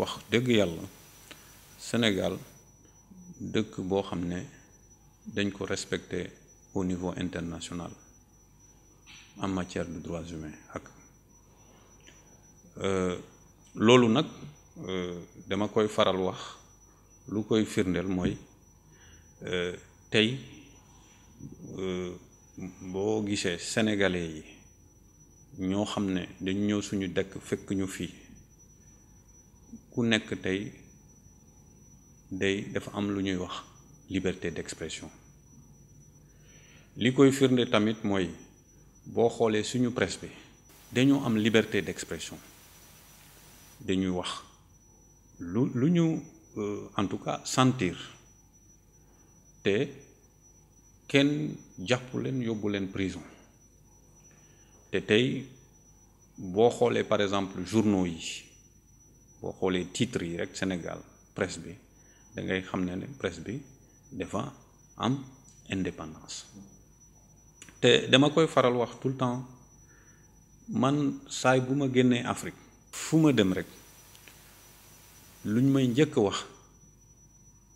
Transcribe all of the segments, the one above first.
wax dëgg yàlla Sénégal dëkk boo xam ne dañ ko respecté au niveau international en matière de droits humains ak euh, loolu nag euh, dama koy faral wax lu koy firndeel mooy euh, tey boo gisee sénégalais yi ñoo xam ne dañu ñëw suñu dëkk fekk ñu fii ku liberté d'expression li koy firnde tamit mooy boo xoolee suñu presse am liberté d'expression dañuy wax euh, en tout cas sentir te kenn jàpp leen prison te tey par exemple journaux pour xoolee titre yi Sénégal presse bi da ngay presse bi am indépendance dama koy faral tout le temps man saay Afrique fu dem rek luñ may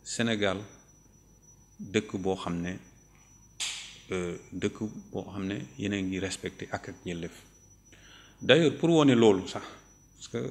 Sénégal dëkk boo xam ne euh, dëkk boo xam d'ailleurs pour vous loolu sax parce que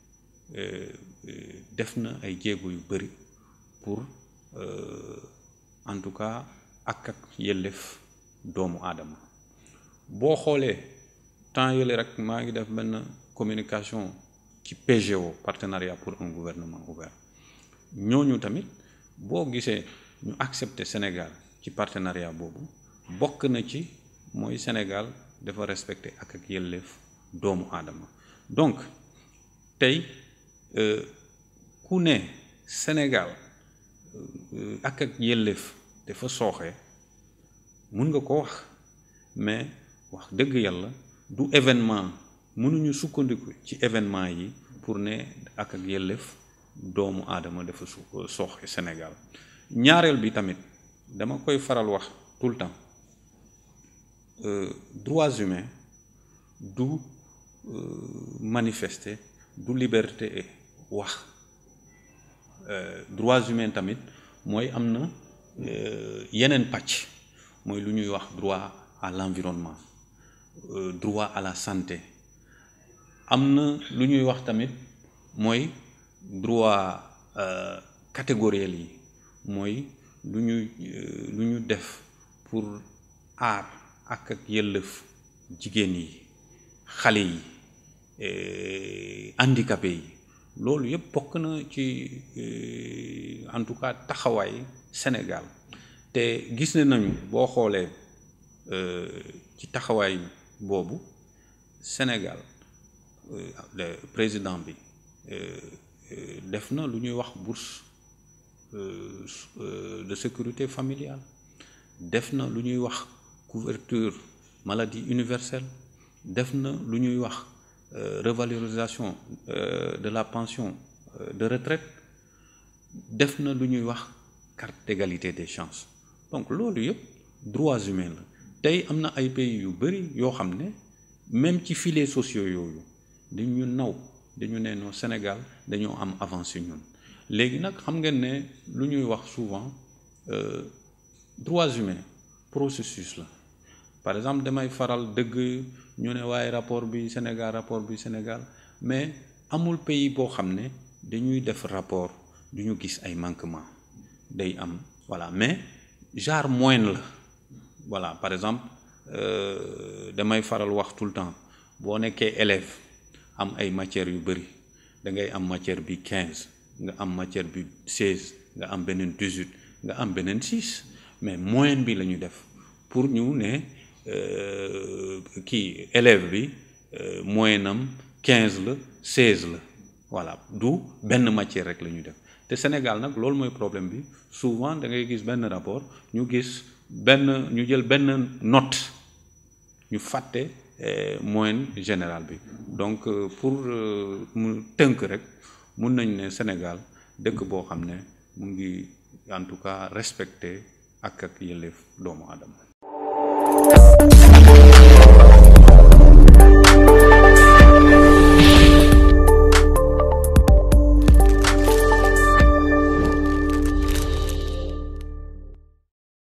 Euh, euh, def na ay jéego yu bëri pour euh, en tout cas ak ak yëlleef doomu aadama boo xoolee temps yële rek maa ngi def benn communication ci PGO partenariat pour un gouvernement ouvert ñooñu tamit boo gisee ñu accepter Sénégal ci partenariat boobu bokk na ci mooy Sénégal dafa respecter ak ak yëlleef doomu aadama donc tey euh, ku ne Sénégal euh, ak ak yelleef dafa sooxee mun nga ko wax mais wax dëgg yàlla du événement mënuñu sukkandiku ci événement yi pour ne ak ak yelleef doomu aadama dafa su euh, sooxe Sénégal ñaareel bi tamit dama koy faral wax tout le temps euh, droits humains du manifester du liberté et wax euh, droits humains tamit moy euh, droit à l'environnement euh, droit à la santé amna luñuy droit catégoriel yi pour les ak ak handicapé loolu yëpp bokk na ci e, en tout cas taxawaay Sénégal te gis ne nañu boo xoolee e, ci taxawaay boobu Sénégal e, le président bi def na lu ñuy wax bourse de sécurité familiale def na lu ñuy wax couverture maladie universelle def na lu ñuy wax revalorisation euh, de la pension euh, de retraite def na lu ñuy wax carte d'égalité des chances donc loolu yëpp droits humains la tey am na ay pays yu bëri yoo xam ne même ci filets sociaux yooyu dañu naw dañu ne noo Sénégal dañoo am avancé ñun léegi nag xam ngeen ne lu wax souvent euh, droits humains processus là par exemple damay faral dëgg ñu ne waaye rapport bi Sénégal rapport bi Sénégal mais amul pays bo xamné dañuy def rapport duñu gis ay manquement day am voilà mais jar moyen la voilà par exemple euh damay faral wax tout le temps bo nekké élève am ay matières yu bari da ngay am matière bi 15 nga am matière bi 16 nga am benen 18 nga am benen 6 mais moyen bi lañu def pour ñu né euh qui élève bi euh, moyenam 15 le seize la voilà du benn matière rek la ñu def te Sénégal nag loolu mooy problème bi souvent da ngay gis benn rapport ñu gis benn ñu jël benn note ñu fàtte eh, moyenne général bi donc euh, pour euh, mu tënk rek mun nañ ne Sénégal dëkk boo xam ne mu ngi en tout cas respecté ak ak yëleef doomu aadama